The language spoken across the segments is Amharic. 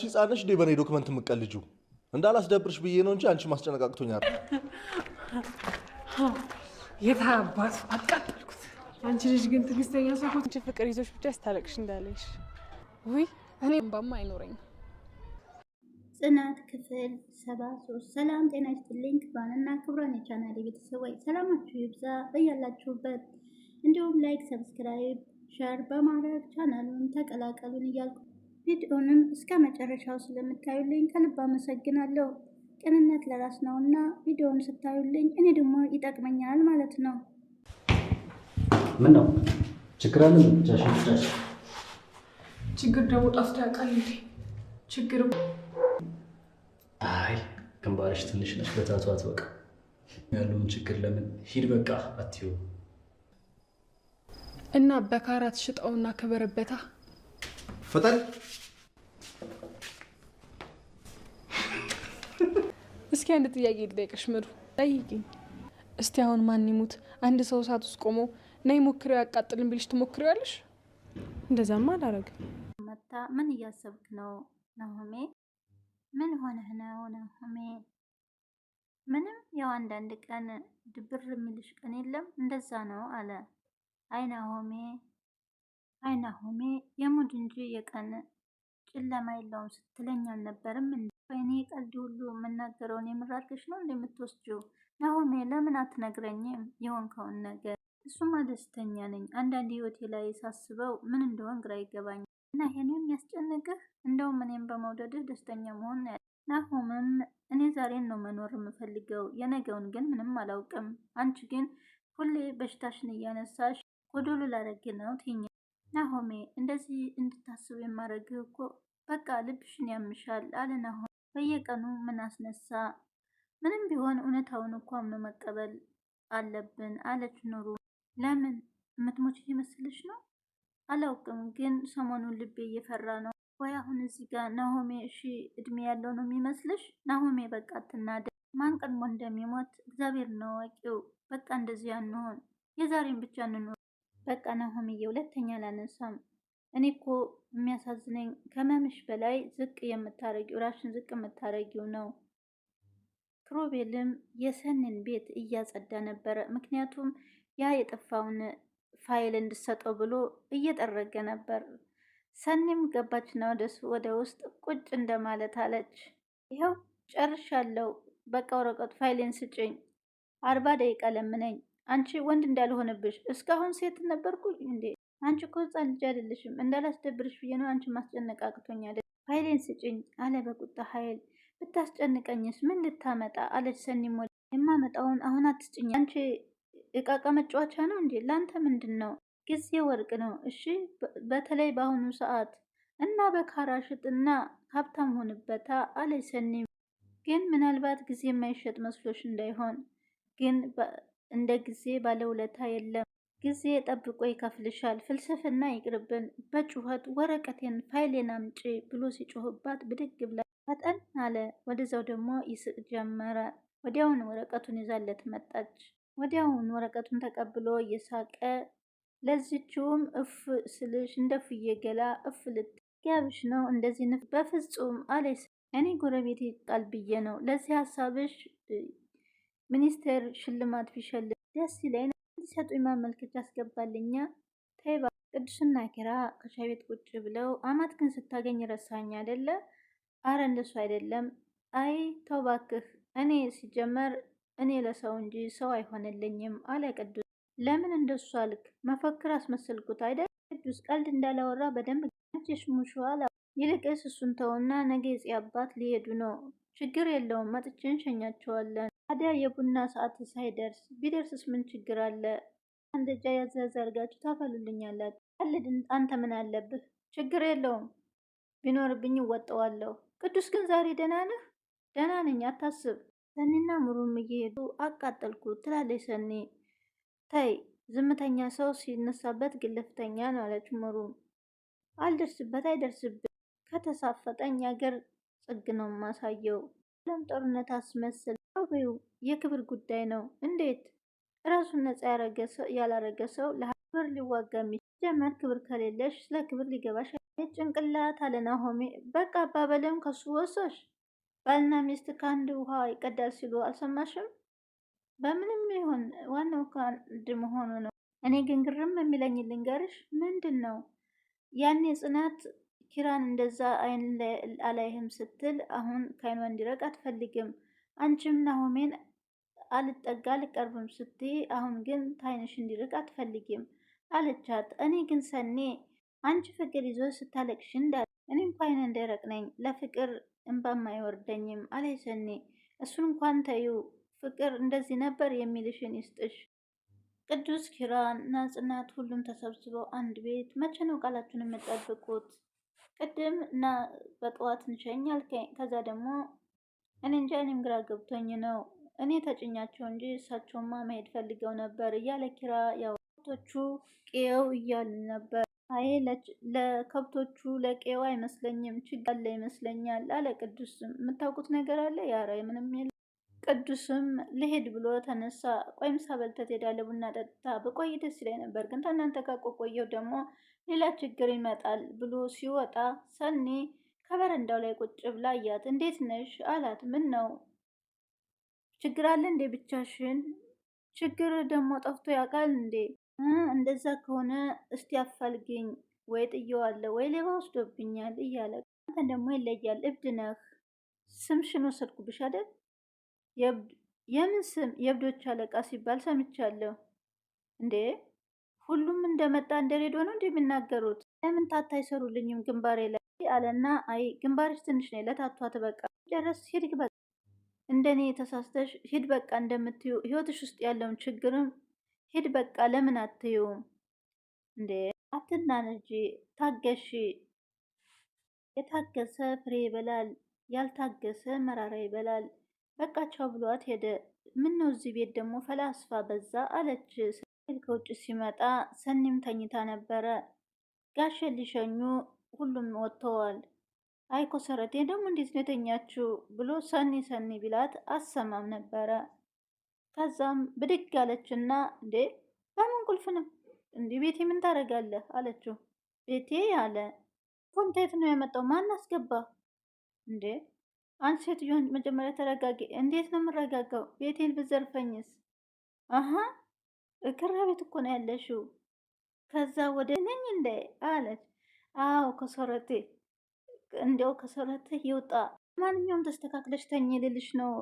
አንቺ ህፃን ነሽ እንዴ? በእኔ ዶክመንት የምቀልጁ እንዳላስደብርሽ ብዬ ነው እንጂ አንቺ ማስጨነቃቅቶኛል። የታ አባት አቃጠልኩት። አንቺ ልጅ ግን ትግስተኛ ሰው አንቺ ፍቅር ይዞሽ ብቻ ስታለቅሽ እንዳለሽ ውይ እኔ ባማ አይኖረኝም። ጽናት ክፍል ሰባ ሶስት ሰላም ጤና ይስጥልኝ። ክብራንና ክብራን የቻናል ቤተሰቦች ሰላማችሁ ይብዛ በያላችሁበት፣ እንዲሁም ላይክ፣ ሰብስክራይብ፣ ሸር በማድረግ ቻናሉን ተቀላቀሉን እያልኩ ቪዲዮንም እስከ መጨረሻው ስለምታዩልኝ ከልብ አመሰግናለሁ። ቅንነት ለራስ ነው እና ቪዲዮውን ስታዩልኝ እኔ ደግሞ ይጠቅመኛል ማለት ነው። ምን ነው ችግር አለ? ችግር ደግሞ ጣፍቶ ያውቃል። ችግር አይ ግንባርሽ ትንሽ ነች፣ በታቷት በቃ ያለውን ችግር ለምን ሂድ በቃ አትዩ እና በካራት ሽጠውና ክበረበታ ፍጠን። እስኪ አንድ ጥያቄ ልጠይቅሽ ምሩ። ጠይቂኝ። እስቲ አሁን ማን ይሙት አንድ ሰው እሳት ውስጥ ቆሞ ነይ ሞክሪው ያቃጥልን ቢልሽ ትሞክሪዋለሽ? እንደዛማ አላረግም። መታ ምን እያሰብክ ነው ናሆሜ? ምን ሆነህ ነው ናሆሜ? ምንም ያው አንዳንድ ቀን ድብር የሚልሽ ቀን የለም እንደዛ ነው አለ። አይ ናሆሜ አይናሆሜ የሙድ እንጂ የቀን ጨለማ የለውም ስትለኝ አልነበርም? እኔ ቀልድ ሁሉ የምናገረውን የምራርገሽ ነው እንደምትወስጂው። ናሆሜ ለምን አትነግረኝም የሆንከውን ነገር? እሱማ ደስተኛ ነኝ። አንዳንድ ህይወቴ ላይ ሳስበው ምን እንደሆን ግራ ይገባኛል። እና ይሄን የሚያስጨንቅህ እንደውም እኔም በመውደድህ ደስተኛ መሆን ያለ ናሆምም፣ እኔ ዛሬን ነው መኖር የምፈልገው፣ የነገውን ግን ምንም አላውቅም። አንቺ ግን ሁሌ በሽታሽን እያነሳሽ ጎዶሎ ላረግ ነው ትኛ ናሆሜ እንደዚህ እንድታስብ የማድረግ እኮ በቃ ልብሽን ያምሻል አለ ናሆሜ። በየቀኑ ምን አስነሳ? ምንም ቢሆን እውነታውን እኮ አምኖ መቀበል አለብን አለች ኑሩ። ለምን የምትሞች ይመስልሽ ነው? አላውቅም፣ ግን ሰሞኑን ልቤ እየፈራ ነው። ወይ አሁን እዚህ ጋር ናሆሜ እሺ እድሜ ያለው ነው የሚመስልሽ? ናሆሜ በቃ ትናደ ማን ቀድሞ እንደሚሞት እግዚአብሔር ነው አዋቂው። በቃ እንደዚህ አንሆን የዛሬን ብቻ እንኖር። በቃ ናሆምዬ ሁለተኛ ላነሳም። እኔ እኮ የሚያሳዝነኝ ከመምሽ በላይ ዝቅ የምታረጊው ራሽን ዝቅ የምታረጊው ነው። ክሮቤልም የሰንን ቤት እያጸዳ ነበረ። ምክንያቱም ያ የጠፋውን ፋይል እንድሰጠው ብሎ እየጠረገ ነበር። ሰኒም ገባችና ወደሱ ወደ ውስጥ ቁጭ እንደማለት አለች። ይኸው ጨርሻለሁ፣ በቃ ወረቀቱ ፋይልን ስጭኝ፣ አርባ ደቂቃ ለምነኝ አንቺ ወንድ እንዳልሆነብሽ እስካሁን ሴት ነበርኩኝ እንዴ? አንቺ እኮ ህፃን ልጅ አይደለሽም። እንዳላስደብርሽ ብዬ ነው አንቺ ማስጨነቅ አቅቶኛል። ኃይሌን ስጭኝ አለ በቁጣ ኃይል። ብታስጨንቀኝስ ምን ልታመጣ አለች ሞ የማመጣውን አሁን አትስጭኝ። አንቺ እቃቃ መጫወቻ ነው እንዴ? ለአንተ ምንድን ነው? ጊዜ ወርቅ ነው። እሺ በተለይ በአሁኑ ሰዓት እና በካራ ሽጥና ሀብታም ሆንበታ አለች ሰኒ። ግን ምናልባት ጊዜ የማይሸጥ መስሎች እንዳይሆን ግን እንደ ጊዜ ባለውለታ የለም። ጊዜ ጠብቆ ይከፍልሻል። ፍልስፍና ይቅርብን። በጩኸት ወረቀቴን ፋይሌን አምጪ ብሎ ሲጮህባት ብድግ ብላ ፈጠን አለ። ወደዛው ደግሞ ይስቅ ጀመረ። ወዲያውን ወረቀቱን ይዛለት መጣች። ወዲያውን ወረቀቱን ተቀብሎ እየሳቀ ለዚችውም እፍ ስልሽ እንደ ፍዬ ገላ እፍ ልት ያብሽ ነው እንደዚህ ንፍ በፍጹም አለ። እኔ ጎረቤት ቃል ብዬ ነው ለዚህ ሀሳብሽ ሚኒስቴር ሽልማት ቢሸልም ደስ ይለኝ። እንዲሰጡኝ ማመልከቻ አስገባልኛ። ተይባ ቅዱስና ኪራ ከሻይ ቤት ቁጭ ብለው አማት ግን ስታገኝ ረሳኝ አይደለ? አረ እንደሱ አይደለም። አይ ተው እኔ ሲጀመር እኔ ለሰው እንጂ ሰው አይሆንልኝም አለ ቅዱስ። ለምን እንደሱ አልክ? መፈክር አስመሰልኩት አይደል? ቅዱስ ቀልድ እንዳላወራ በደንብ የሽሙሹ አለ። ይልቅስ እሱን ተውና ነገ የጽ አባት ሊሄዱ ነው። ችግር የለውም መጥቼ እንሸኛቸዋለን። ታዲያ የቡና ሰዓት ሳይደርስ ቢደርስስ ምን ችግር አለ? አንደጃ ያዘዘርጋችሁ ታፈሉልኛላችሁ። ቀልድ አንተ ምን አለብህ? ችግር የለውም ቢኖርብኝ እወጠዋለሁ። ቅዱስ ግን ዛሬ ደህና ነህ? ደህና ነኝ አታስብ። ሰኒና ምሩም እየሄዱ አቃጠልኩ ትላለች ሰኒ። ተይ ዝምተኛ ሰው ሲነሳበት ግልፍተኛ ነው አለች ምሩም። አልደርስበት አይደርስብን ከተሳፈጠኝ አገር ጥግ ነው ማሳየው። ለም ጦርነት አስመስል አብዩ የክብር ጉዳይ ነው። እንዴት ራሱን ነፃ ያላረገ ሰው ለክብር ሊዋጋ የሚችል ጀመር? ክብር ከሌለሽ ስለ ክብር ሊገባሽ ጭንቅላት አለ ናሆሜ። በቃ አባበልም ከሱ ወሰሽ። ባልና ሚስት ከአንድ ውሃ ይቀዳል ሲሉ አልሰማሽም? በምንም ይሁን ዋናው ከአንድ መሆኑ ነው። እኔ ግን ግርም የሚለኝ ልንገርሽ፣ ምንድን ነው ያኔ ጽናት ኪራን እንደዛ አይን አላይህም ስትል አሁን ከአይኗ እንዲረቅ አትፈልግም አንቺም ናሆሜን አልጠጋ አልቀርብም ስትይ፣ አሁን ግን ታይንሽ እንዲርቅ አትፈልጊም አለቻት። እኔ ግን ሰኔ አንቺ ፍቅር ይዞ ስታለቅሽ እንዳ እኔ እንኳን እንደረቅ ነኝ ለፍቅር እንባም አይወርደኝም አለ ሰኔ። እሱን እንኳን ተዩ ፍቅር እንደዚህ ነበር የሚልሽን ይስጥሽ። ቅዱስ ኪራን እና ጽናት ሁሉም ተሰብስበው አንድ ቤት መቼ ነው ቃላችሁን የምጠብቁት? ቅድም እና በጠዋት እንሸኛል ከዛ ደግሞ እኔ እንጃ እኔም ግራ ገብቶኝ ነው። እኔ ተጭኛቸው እንጂ እሳቸውማ መሄድ ፈልገው ነበር እያለ ኪራ ያወቶቹ ቄው እያሉ ነበር። አይ ለከብቶቹ ለቄው አይመስለኝም፣ ችግር አለ ይመስለኛል አለ ቅዱስ። የምታውቁት ነገር አለ ያረ ምንም የለ። ቅዱስም ልሄድ ብሎ ተነሳ። ቆይም ሳበልተት ሄዳለ ቡና ጠጥታ በቆይ ደስ ይለኝ ነበር፣ ግን ተናንተ ከቆቆየው ደግሞ ሌላ ችግር ይመጣል ብሎ ሲወጣ ሰኔ ከበረንዳው ላይ ቁጭ ብላ አያት። እንዴት ነሽ አላት። ምን ነው ችግር አለ እንዴ? ብቻሽን? ችግር ደግሞ ጠፍቶ ያውቃል እንዴ? እንደዛ ከሆነ እስቲ አፋልግኝ፣ ወይ ጥየዋለሁ ወይ ሌባ ወስዶብኛል እያለ አንተ ደግሞ ይለያል። እብድ ነህ። ስምሽን ወሰድኩብሽ አይደል? የምን ስም? የእብዶች አለቃ ሲባል ሰምቻለሁ። እንዴ ሁሉም እንደመጣ እንደሬዶ ነው እንዲህ የሚናገሩት? ለምን ታታ አይሰሩልኝም ግንባሬ ላይ አለና አይ ግንባርሽ ትንሽ ነው ለታቷት በቃ ጨረስ ሂድ በቃ እንደኔ የተሳስተሽ ሂድ በቃ እንደምትዩ ህይወትሽ ውስጥ ያለውን ችግርም ሂድ በቃ ለምን አትዩም እንዴ አትናነጂ ታገሺ የታገሰ ፍሬ ይበላል ያልታገሰ መራራ ይበላል በቃቸው ብሏት ሄደ ምነው እዚህ ቤት ደግሞ ፈላስፋ በዛ አለች ስል ከውጭ ሲመጣ ሰኒም ተኝታ ነበረ ጋሸ ሊሸኙ ሁሉም ወጥተዋል። አይ ኮሰረቴ ደግሞ እንዴት ነው ብሎ ሰኒ ሰኒ ቢላት አሰማም ነበረ። ከዛም ብድግ አለችና እንዴ በምን ቁልፍ ነው እንዲህ ቤቴ ምን ታደርጋለህ? አለችው። ቤቴ ያለ ኮንቴት ነው የመጣው ማን አስገባ? እንዴ አንድ ሴትዮ መጀመሪያ ተረጋጊ። እንዴት ነው የምረጋጋው? ቤቴን ብዘርፈኝስ? አሀ እክራ ቤት እኮ ነው ያለሽው። ከዛ ወደ ነኝ እንዴ አለች። አዎ ከሰረቴ እንዲያው ከሰረት ይውጣ። ማንኛውም ተስተካክለሽ ተኝ ልልሽ ነው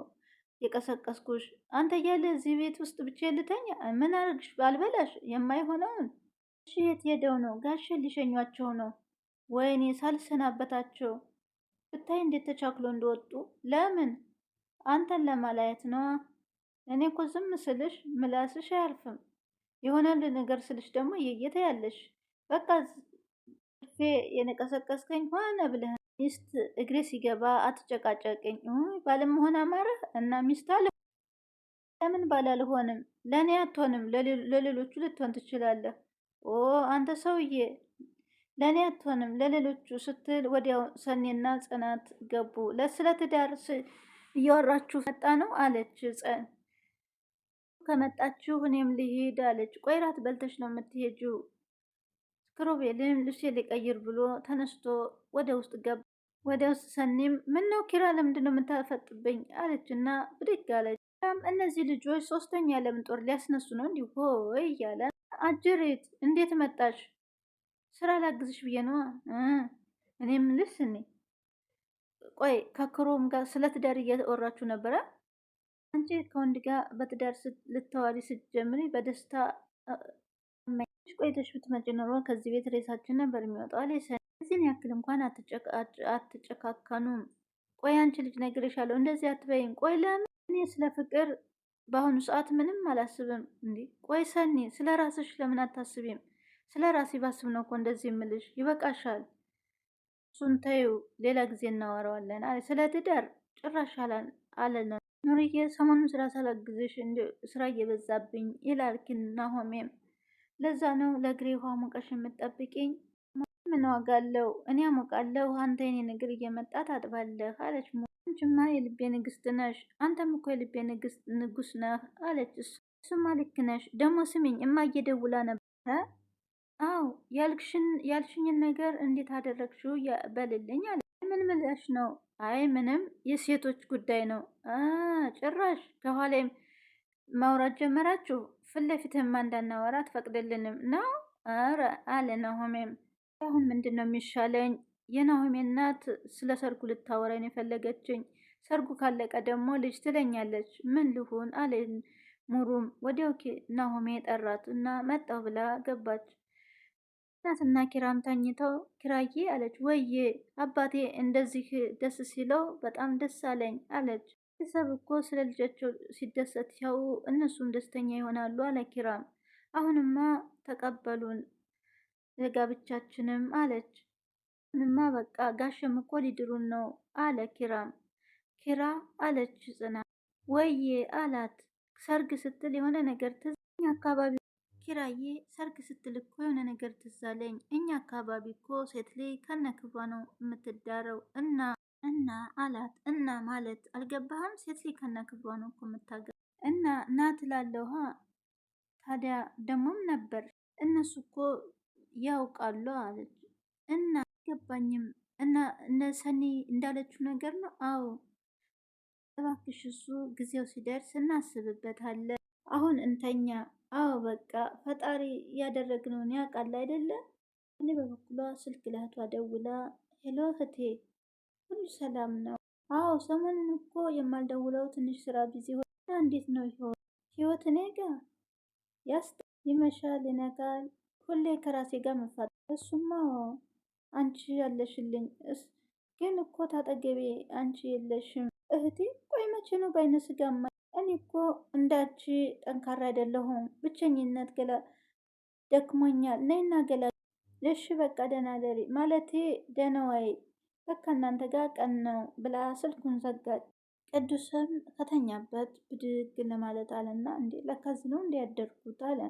የቀሰቀስኩሽ። አንተ እያለ እዚህ ቤት ውስጥ ብቻ ልተኝ ምን አርግሽ? ባልበላሽ የማይሆነውን እሺ። የት ሄደው ነው? ጋሽ ሊሸኟቸው ነው። ወይኔ ሳልሰናበታቸው ብታይ እንዴት ተቻክሎ እንደወጡ። ለምን አንተን ለማላየት ነዋ። እኔ እኮ ዝም ስልሽ ምላስሽ አያርፍም። የሆነ ነገር ስልሽ ደግሞ እየየተ ያለሽ በቃ አቅፌ የነቀሰቀስከኝ ሆነ ብለህ ሚስት እግሬ ሲገባ አትጨቃጨቅኝ ባለመሆን አማረህ እና ሚስት አለ ለምን ባላልሆንም? ለእኔ አትሆንም፣ ለሌሎቹ ልትሆን ትችላለህ። ኦ አንተ ሰውዬ ለእኔ አትሆንም ለሌሎቹ ስትል ወዲያው ሰኔና ጽናት ገቡ። ለስለ ትዳር እያወራችሁ መጣ ነው አለች ጸን ከመጣችሁ እኔም ልሄድ አለች። ቆይራት በልተሽ ነው የምትሄጂው ክሮቤልም ልብሴ ሊቀይር ብሎ ተነስቶ ወደ ውስጥ ገባ። ወደ ውስጥ ሰኒም ምነው ኪራ ለምንድነው የምታፈጥብኝ አለችና ብድግ አለች። ም እነዚህ ልጆች ሶስተኛ የዓለም ጦር ሊያስነሱ ነው እንዲ ሆይ እያለ አጅሬት እንዴት መጣሽ? ስራ ላግዝሽ ብዬ ነዋ። እኔም ልስ እኔ ቆይ ከክሮም ጋር ስለ ትዳር እያወራችሁ ነበረ። አንቺ ከወንድ ጋር በትዳር ልታዋሪ ስትጀምሪ በደስታ ቆይተሽ ብትመጪ ኖሮ ከዚህ ቤት ሬሳችን ነበር የሚወጣው አለ ሰኒ። እዚህን ያክል እንኳን አትጨካከኑም። ቆይ አንቺ ልጅ ነግሬሻለሁ፣ እንደዚህ አትበይም። ቆይ ለምን እኔ ስለ ፍቅር በአሁኑ ሰዓት ምንም አላስብም። እንዲ ቆይ ሰኒ፣ ስለ ራስሽ ለምን አታስቢም? ስለ ራሴ ባስብ ነው እኮ እንደዚህ የምልሽ። ይበቃሻል። እሱን ተይው፣ ሌላ ጊዜ እናወራዋለን አለ ስለ ትዳር ጭራሽ አለ አለን ኑርዬ ሰሞኑን ስራ ሳላግዝሽ ስራ እየበዛብኝ ይላል ናሆሜም ለዛ ነው ለእግሬ ውሃ ሙቀሽ የምጠብቅኝ። ምን ዋጋ አለው? እኔ አሞቃለሁ፣ አንተ የኔ እግር እየመጣ ታጥባለህ አለች። አንቺማ የልቤ ንግስት ነሽ፣ አንተም እኮ የልቤ ንግስት ንጉስ ነህ አለች። እሱማ ልክ ነሽ። ደግሞ ስሚኝ፣ እማዬ ደውላ ነበረ። አዎ ያልሽኝን ነገር እንዴት አደረግሽው በልልኝ አለ። ምን ምላሽ ነው? አይ ምንም፣ የሴቶች ጉዳይ ነው። ጭራሽ ከኋላይም ማውራት ጀመራችሁ። ፊት ለፊትህማ እንዳናወራ አትፈቅድልንም ነው ኧረ አለ ናሆሜም። አሁን ምንድን ነው የሚሻለኝ? የናሆሜ እናት ስለ ሰርጉ ልታወራኝ የፈለገችኝ ሰርጉ ካለቀ ደግሞ ልጅ ትለኛለች። ምን ልሁን አለ ሙሩም። ወዲያው ናሆሜ ጠራት እና መጣው ብላ ገባች። እናትና ኪራም ተኝተው ኪራዬ አለች። ወዬ አባቴ እንደዚህ ደስ ሲለው በጣም ደስ አለኝ አለች። ቤተሰብ እኮ ስለ ልጃቸው ሲደሰት ያው እነሱም ደስተኛ ይሆናሉ። ኪራም አሁንማ ተቀበሉን ለጋብቻችንም አለች። አሁንማ በቃ ጋሸም እኮ ሊድሩን ነው አለ ኪራም። ኪራ አለች ጽና። ወዬ አላት። ሰርግ ስትል የሆነ ነገር ትዝ እኛ አካባቢ ኪራዬ ሰርግ ስትል እኮ የሆነ ነገር ትዝ አለኝ። እኛ አካባቢ እኮ ሴት ልጅ ነው የምትዳረው እና እና አላት። እና ማለት አልገባህም? ሴት ልጅ ከነ ክብሯ ነው እኮ የምታገባ እና ና ትላለህ። ታዲያ ደግሞም ነበር እነሱ እኮ ያውቃሉ አለች። እና አልገባኝም። እና ሰኒ እንዳለችው ነገር ነው? አዎ እባክሽ፣ እሱ ጊዜው ሲደርስ እናስብበታለን። አሁን እንተኛ። አዎ በቃ ፈጣሪ ያደረግነውን ያውቃል አይደለም። እኔ በበኩሏ ስልክ ለእህቷ ደውላ ሄሎ እህቴ ሁሉ ሰላም ነው? አዎ ሰሞኑን እኮ የማልደውለው ትንሽ ስራ ቢዚ ሆ እንዴት ነው ይሆን ህይወት? እኔ ጋ ያስ ይመሻል ይነጋል፣ ሁሌ ከራሴ ጋር መፋጠ። እሱማ አንቺ ያለሽልኝ፣ ግን እኮ ታጠገቤ አንቺ የለሽም እህቴ። ቆይ መቼ ነው በአይነ ስጋማ? እኔ እኮ እንዳንቺ ጠንካራ አይደለሁም። ብቸኝነት ገላ ደክሞኛል። ነይና ገላ እሺ፣ በቃ ደህና ደሪ ማለቴ ደህና ዋይ ለካ እናንተ ጋር ቀን ነው ብላ ስልኩን ዘጋች። ቅዱስም ከተኛበት ብድግ ለማለት አለና እንዴ ለካዚህ ነው እንዴ ያደርኩት አለ።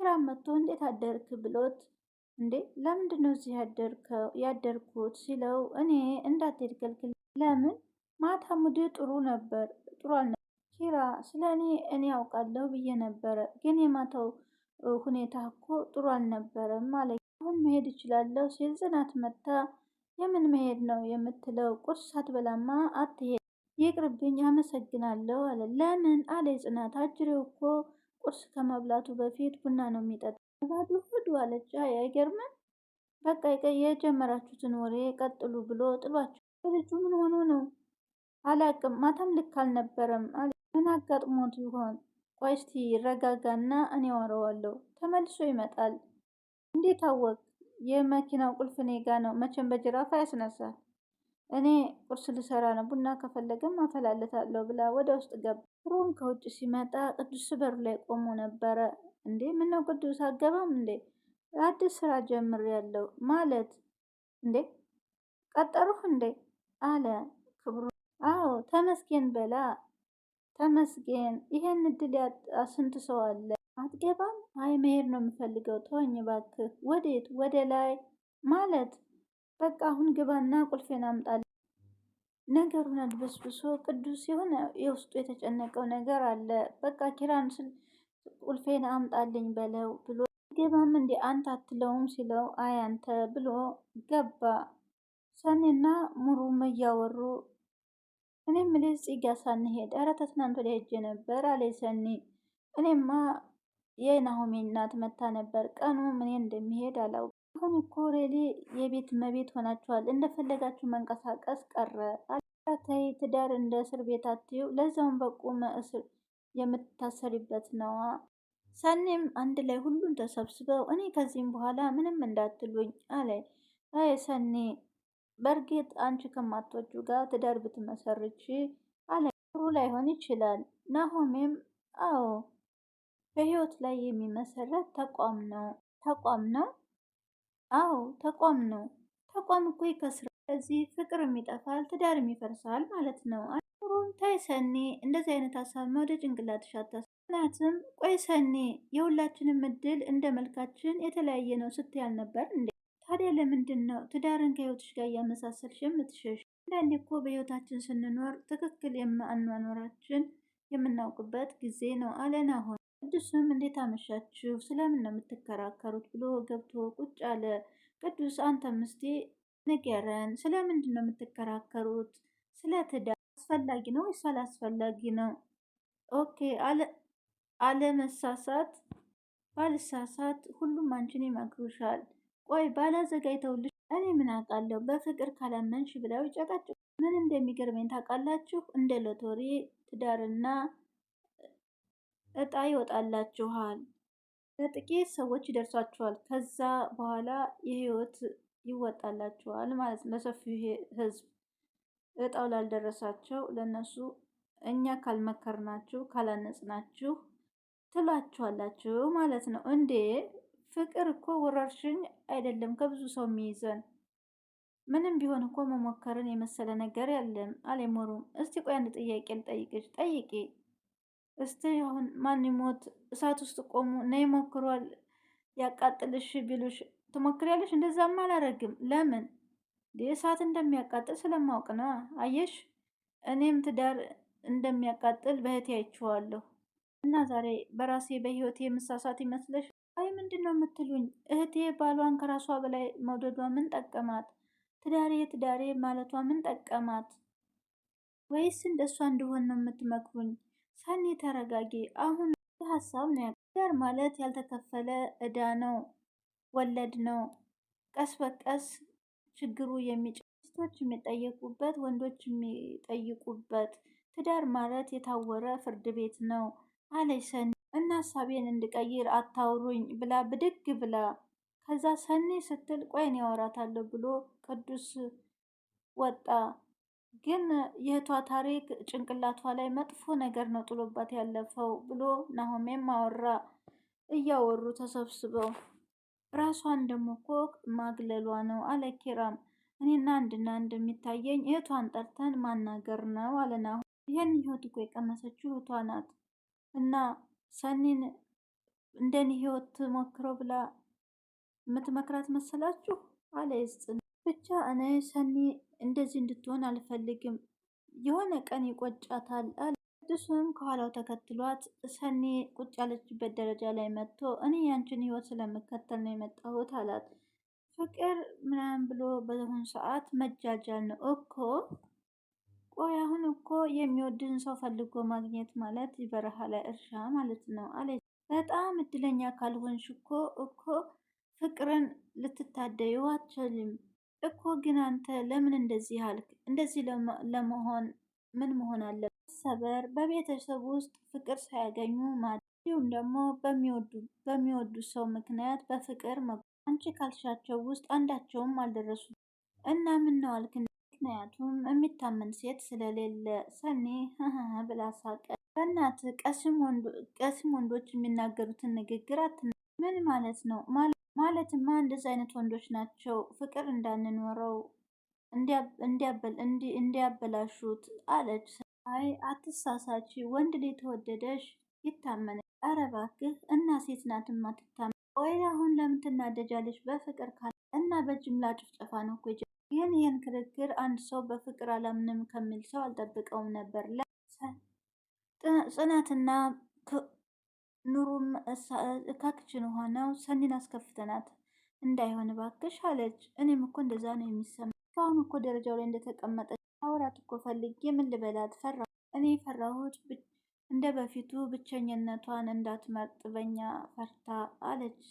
ኪራም መጥቶ እንዴት አደርክ ብሎት እንዴ ለምንድን ነው እዚህ ያደርኩት ሲለው እኔ እንዳትሄድ ከልክል ለምን ማታ ሙድ ጥሩ ነበር ጥሩ አልነበረ ኪራ ስለ እኔ እኔ ያውቃለሁ ብዬ ነበረ ግን የማታው ሁኔታ እኮ ጥሩ አልነበረም ማለት አሁን መሄድ እችላለሁ ሲል ጽናት መታ የምን መሄድ ነው የምትለው? ቁርስ አትበላማ አትሄድ። ይቅርብኝ፣ አመሰግናለሁ አለ። ለምን አለ ጽናት። አጅሬው እኮ ቁርስ ከመብላቱ በፊት ቡና ነው የሚጠጣ። ባዱ ሁዱ አለች። አይ አይገርምም። በቃ የጀመራችሁትን ወሬ ቀጥሉ ብሎ ጥሏቸው። ልጁ ምን ሆኖ ነው አላቅም። ማታም ልክ አልነበረም። ምን አጋጥሞት ይሆን? ቆይ እስቲ ረጋጋና እኔ አወራዋለሁ። ተመልሶ ይመጣል። እንዴት አወቅ? የመኪናው ቁልፍ እኔ ጋ ነው። መቼም በጅራፍ ያስነሳል። እኔ ቁርስ ልሰራ ነው፣ ቡና ከፈለገም አፈላለታለሁ ብላ ወደ ውስጥ ገባ። ሩም ከውጭ ሲመጣ ቅዱስ በሩ ላይ ቆሞ ነበረ። እንዴ ምነው ቅዱስ አገባም እንዴ? አዲስ ስራ ጀምር ያለው ማለት እንዴ ቀጠሩህ እንዴ አለ ክብሩ። አዎ ተመስገን በላ ተመስገን። ይሄን እድል ያጣ ስንት ሰው አለ። አትገባም? አይ መሄድ ነው የምፈልገው፣ ተወኝ እባክህ። ወዴት? ወደ ላይ ማለት በቃ አሁን ግባና ቁልፌን አምጣል። ነገሩን አድበስብሶ ቅዱስ የሆነ የውስጡ የተጨነቀው ነገር አለ። በቃ ኪራን ስል ቁልፌን አምጣልኝ በለው ብሎ ገባም እንዲ አንተ አትለውም ሲለው አይ አንተ ብሎ ገባ። ሰኔና ሙሩም እያወሩ እኔም ልጽ ጋር ሳንሄድ ኧረ ተትናንት ወዲያ ሄጄ ነበር አለ ሰኔ እኔማ የናሆሜ እናት መታ ነበር። ቀኑ ምን እንደሚሄድ አላውቅም። አሁን እኮ ሬሌ የቤት መቤት ሆናችኋል፣ እንደፈለጋችሁ መንቀሳቀስ ቀረ። አላታይ ትዳር እንደ እስር ቤት አትዩ፣ ለዛውን በቁም እስር የምትታሰሪበት ነዋ። ሰኔም አንድ ላይ ሁሉም ተሰብስበው እኔ ከዚህም በኋላ ምንም እንዳትሉኝ አለ። አይ ሰኔ በእርግጥ አንቺ ከማቶቹ ጋር ትዳር ብትመሰርች አለ ጥሩ ላይሆን ይችላል። ናሆሜም አዎ በህይወት ላይ የሚመሰረት ተቋም ነው። ተቋም ነው። አዎ ተቋም ነው። ተቋም እኮ ይከስራል። ስለዚህ ፍቅርም ይጠፋል፣ ትዳርም ይፈርሳል ማለት ነው። አንሩን ታይ ሰኔ፣ እንደዚህ አይነት ሀሳብ ወደ ጭንቅላትሽ አታስቢ። ምክንያቱም ቆይ ሰኔ፣ የሁላችንም እድል እንደ መልካችን የተለያየ ነው ስትያል ነበር እንዴ? ታዲያ ለምንድን ነው ትዳርን ከህይወትሽ ጋር እያመሳሰልሽ የምትሸሽ? አንዳንዴ እኮ በህይወታችን ስንኖር ትክክል የማኗኗራችን የምናውቅበት ጊዜ ነው አለን አሁን ቅዱስም እንዴት አመሻችሁ ስለምን ነው የምትከራከሩት ብሎ ገብቶ ቁጭ አለ። ቅዱስ አንተ ምስቴ ንገረን፣ ስለምንድን ነው የምትከራከሩት? ስለ ትዳር አስፈላጊ ነው ወይስ አላስፈላጊ ነው? ኦኬ አለመሳሳት ባልሳሳት ሁሉም አንቺን ይመክሩሻል። ቆይ ባላዘጋጅተውልሽ እኔ ምን አውቃለሁ? በፍቅር ካላመንሽ ብለው ጨቀጭ ምን እንደሚገርመኝ ታውቃላችሁ? እንደ ሎተሪ ትዳርና እጣ ይወጣላችኋል፣ ለጥቂት ሰዎች ይደርሳችኋል፣ ከዛ በኋላ የህይወት ይወጣላችኋል ማለት ነው። ለሰፊው ህዝብ እጣው ላልደረሳቸው ለነሱ እኛ ካልመከርናችሁ ካላነጽናችሁ ትሏችኋላችሁ ማለት ነው። እንዴ ፍቅር እኮ ወረርሽኝ አይደለም፣ ከብዙ ሰው የሚይዘን ምንም ቢሆን እኮ መሞከርን የመሰለ ነገር ያለም አሌሞሩም። እስቲ ቆይ አንድ ጥያቄ ልጠይቅሽ። ጠይቄ እስቲ አሁን ማን ይሞት እሳት ውስጥ ቆሙ ነይ ሞክሯል ያቃጥልሽ ቢሉሽ ትሞክሪያለሽ? እንደዛም አላረግም። ለምን እሳት እንደሚያቃጥል ስለማውቅ ነው። አየሽ እኔም ትዳር እንደሚያቃጥል በህቴ አይችዋለሁ እና ዛሬ በራሴ በህይወቴ የምሳሳት ይመስለሽ? አይ ምንድን ነው የምትሉኝ? እህቴ ባሏን ከራሷ በላይ መውደዷ ምን ጠቀማት? ትዳሬ ትዳሬ ማለቷ ምን ጠቀማት? ወይስ እንደሷ እንደሆን ነው የምትመክሩኝ? ሰኒ ተረጋጊ። አሁን ሀሳብ ነው ያደር ማለት ያልተከፈለ እዳ ነው፣ ወለድ ነው። ቀስ በቀስ ችግሩ የሚጭ ሴቶች የሚጠየቁበት ወንዶች የሚጠይቁበት ትዳር ማለት የታወረ ፍርድ ቤት ነው አለች ሰኒ። እና ሀሳቤን እንድቀይር አታውሩኝ ብላ ብድግ ብላ ከዛ ሰኒ ስትል ቆይን ያወራታለሁ ብሎ ቅዱስ ወጣ። ግን የእህቷ ታሪክ ጭንቅላቷ ላይ መጥፎ ነገር ነው ጥሎባት ያለፈው ብሎ ናሆሜም አወራ። እያወሩ ተሰብስበው ራሷን ደግሞ እኮ ማግለሏ ነው አለ ኪራም። እኔና አንድና እንደሚታየኝ እህቷን ጠርተን ማናገር ነው አለና ይህን ህይወት እኮ የቀመሰችው እህቷ ናት እና ሰኒን እንደን ህይወት ሞክሮ ብላ የምትመክራት መሰላችሁ አለ ይስጽ ብቻ እኔ ሰኒ እንደዚህ እንድትሆን አልፈልግም፣ የሆነ ቀን ይቆጫታል አለ። ቅዱስም ከኋላው ተከትሏት ሰኒ ቁጭ ያለችበት ደረጃ ላይ መጥቶ እኔ ያንችን ህይወት ስለምከተል ነው የመጣሁት አላት። ፍቅር ምናምን ብሎ በአሁኑ ሰዓት መጃጃል ነው እኮ። ቆይ አሁን እኮ የሚወድን ሰው ፈልጎ ማግኘት ማለት በረሃ ላይ እርሻ ማለት ነው አለ። በጣም እድለኛ ካልሆንሽ እኮ እኮ ፍቅርን ልትታደዩ አትችልም። እኮ ግን አንተ ለምን እንደዚህ አልክ? እንደዚህ ለመሆን ምን መሆን አለ? ሰበር በቤተሰብ ውስጥ ፍቅር ሳያገኙ ማለት እንዲሁም ደግሞ በሚወዱ ሰው ምክንያት በፍቅር አንቺ ካልሻቸው ውስጥ አንዳቸውም አልደረሱ እና ምን ነው አልክ? ምክንያቱም የሚታመን ሴት ስለሌለ ሰኔ ብላ ሳቀ። በእናት ቀስም ወንዶች የሚናገሩትን ንግግር አትና ምን ማለት ነው ማለት ማለትማ እንደዚህ አይነት ወንዶች ናቸው ፍቅር እንዳንኖረው እንዲያበላሹት አለች። አይ አትሳሳች፣ ወንድ ልጅ ተወደደሽ ይታመነ። ኧረ እባክህ እና ሴት ናትማ ትታመ። ቆይ አሁን ለምን ትናደጃለሽ? በፍቅር ካለ እና በጅምላ ጭፍጨፋ ነው እኮ ይህን ይህን ክርክር አንድ ሰው በፍቅር አላምንም ከሚል ሰው አልጠብቀውም ነበር። ጽናትና ኑሩም እካክችን ሆነው ሰኒን አስከፍተናት እንዳይሆን ባክሽ አለች። እኔም እኮ እንደዛ ነው የሚሰማ። አሁን እኮ ደረጃው ላይ እንደተቀመጠች አውራት እኮ ፈልጌ ምን ልበላት ፈራ። እኔ ፈራሁት እንደ በፊቱ ብቸኝነቷን እንዳትመርጥ በኛ ፈርታ አለች።